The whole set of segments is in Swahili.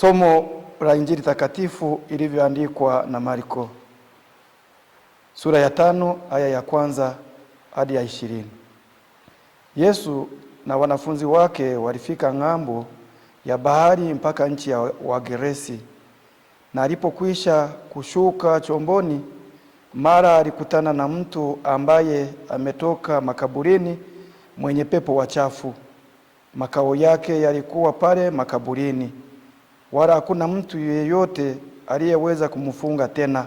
Somo la Injili takatifu ilivyoandikwa na Marko sura ya tano aya ya kwanza hadi ya ishirini. Yesu na wanafunzi wake walifika ng'ambo ya bahari mpaka nchi ya Wageresi, na alipokwisha kushuka chomboni, mara alikutana na mtu ambaye ametoka makaburini mwenye pepo wachafu. Makao yake yalikuwa pale makaburini wala hakuna mtu yeyote aliyeweza kumfunga tena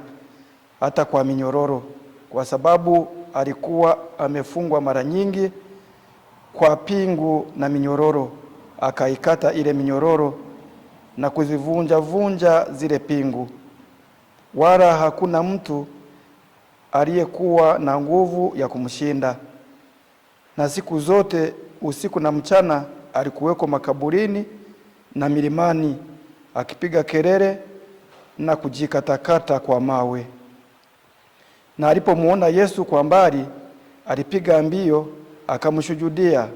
hata kwa minyororo, kwa sababu alikuwa amefungwa mara nyingi kwa pingu na minyororo. Akaikata ile minyororo na kuzivunja vunja zile pingu, wala hakuna mtu aliyekuwa na nguvu ya kumshinda. Na siku zote usiku na mchana alikuweko makaburini na milimani akipiga kelele na kujikatakata kwa mawe. Na alipomwona Yesu kwa mbali, alipiga mbio akamshujudia,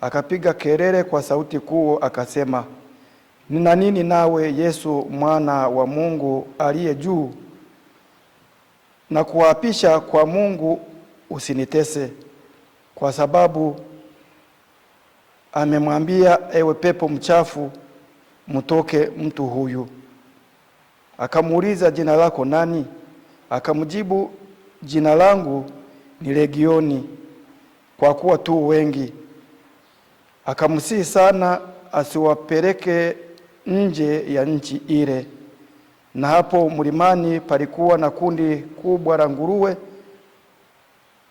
akapiga kelele kwa sauti kuu akasema, nina nini nawe Yesu mwana wa Mungu aliye juu? Na kuapisha kwa Mungu usinitese, kwa sababu amemwambia, ewe pepo mchafu mtoke mtu huyu. Akamuuliza, jina lako nani? Akamjibu, jina langu ni Legioni, kwa kuwa tu wengi. Akamsihi sana asiwapeleke nje ya nchi ile. Na hapo mlimani palikuwa na kundi kubwa la nguruwe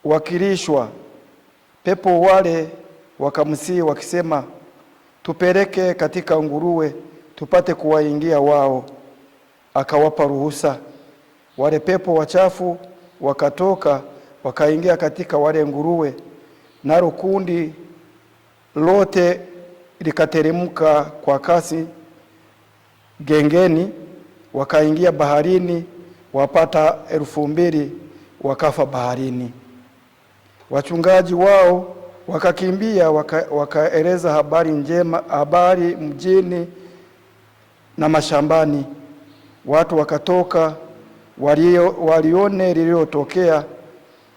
wakilishwa. Pepo wale wakamsihi wakisema tupeleke katika nguruwe tupate kuwaingia wao. Akawapa ruhusa, wale pepo wachafu wakatoka wakaingia katika wale nguruwe, nalo kundi lote likateremka kwa kasi gengeni, wakaingia baharini, wapata elfu mbili wakafa baharini. Wachungaji wao Wakakimbia waka, wakaeleza habari njema, habari mjini na mashambani. Watu wakatoka walio, walione lililotokea,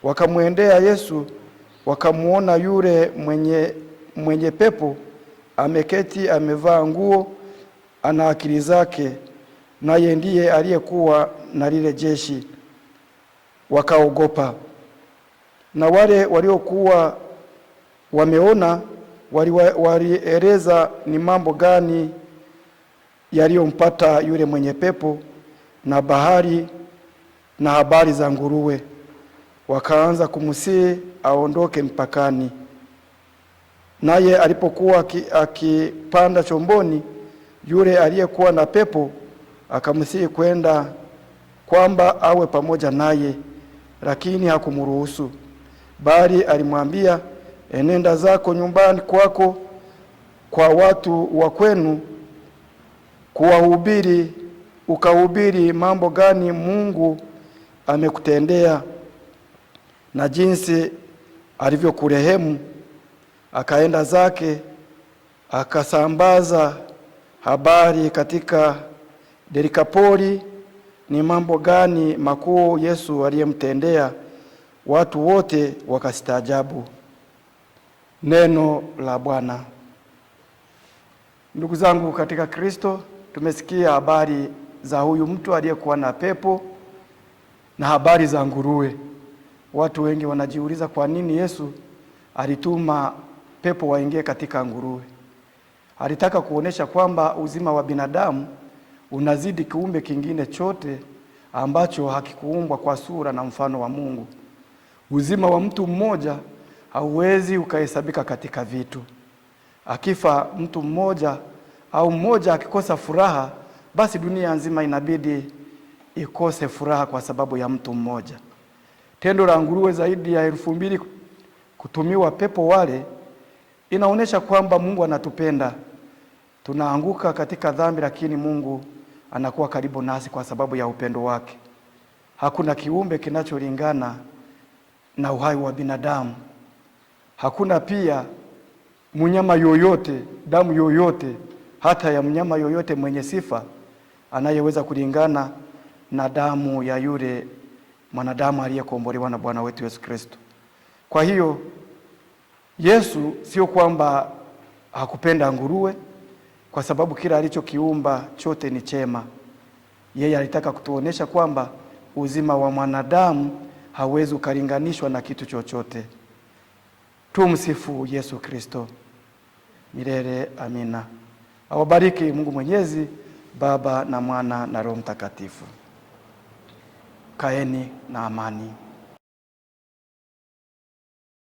wakamwendea Yesu, wakamwona yule mwenye, mwenye pepo ameketi amevaa nguo, ana akili zake, naye ndiye aliyekuwa na lile jeshi. Wakaogopa. Na wale waliokuwa wameona walieleza wali ni mambo gani yaliyompata yule mwenye pepo na bahari na habari za nguruwe, wakaanza kumsihi aondoke mpakani. Naye alipokuwa akipanda chomboni, yule aliyekuwa na pepo akamsihi kwenda kwamba awe pamoja naye, lakini hakumruhusu, bali alimwambia enenda eh, zako nyumbani kwako kwa watu wa kwenu kuwahubiri ukahubiri mambo gani Mungu amekutendea na jinsi alivyokurehemu. Akaenda zake akasambaza habari katika Delikapoli ni mambo gani makuu Yesu aliyemtendea, watu wote wakastaajabu. Neno la Bwana. Ndugu zangu katika Kristo, tumesikia habari za huyu mtu aliyekuwa na pepo na habari za nguruwe. Watu wengi wanajiuliza kwa nini Yesu alituma pepo waingie katika nguruwe. Alitaka kuonesha kwamba uzima wa binadamu unazidi kiumbe kingine chote ambacho hakikuumbwa kwa sura na mfano wa Mungu. Uzima wa mtu mmoja hauwezi ukahesabika katika vitu. Akifa mtu mmoja au mmoja akikosa furaha, basi dunia nzima inabidi ikose furaha kwa sababu ya mtu mmoja. Tendo la nguruwe zaidi ya elfu mbili kutumiwa pepo wale inaonyesha kwamba Mungu anatupenda. Tunaanguka katika dhambi, lakini Mungu anakuwa karibu nasi kwa sababu ya upendo wake. Hakuna kiumbe kinacholingana na uhai wa binadamu. Hakuna pia mnyama yoyote, damu yoyote, hata ya mnyama yoyote mwenye sifa anayeweza kulingana na damu ya yule mwanadamu aliyekombolewa na Bwana wetu Yesu Kristo. Kwa hiyo Yesu sio kwamba hakupenda nguruwe, kwa sababu kila alichokiumba chote ni chema. Yeye alitaka kutuonesha kwamba uzima wa mwanadamu hauwezi ukalinganishwa na kitu chochote. Tumsifu Yesu Kristo milele. Amina. Awabariki Mungu Mwenyezi, Baba na Mwana na Roho Mtakatifu. Kaeni na amani.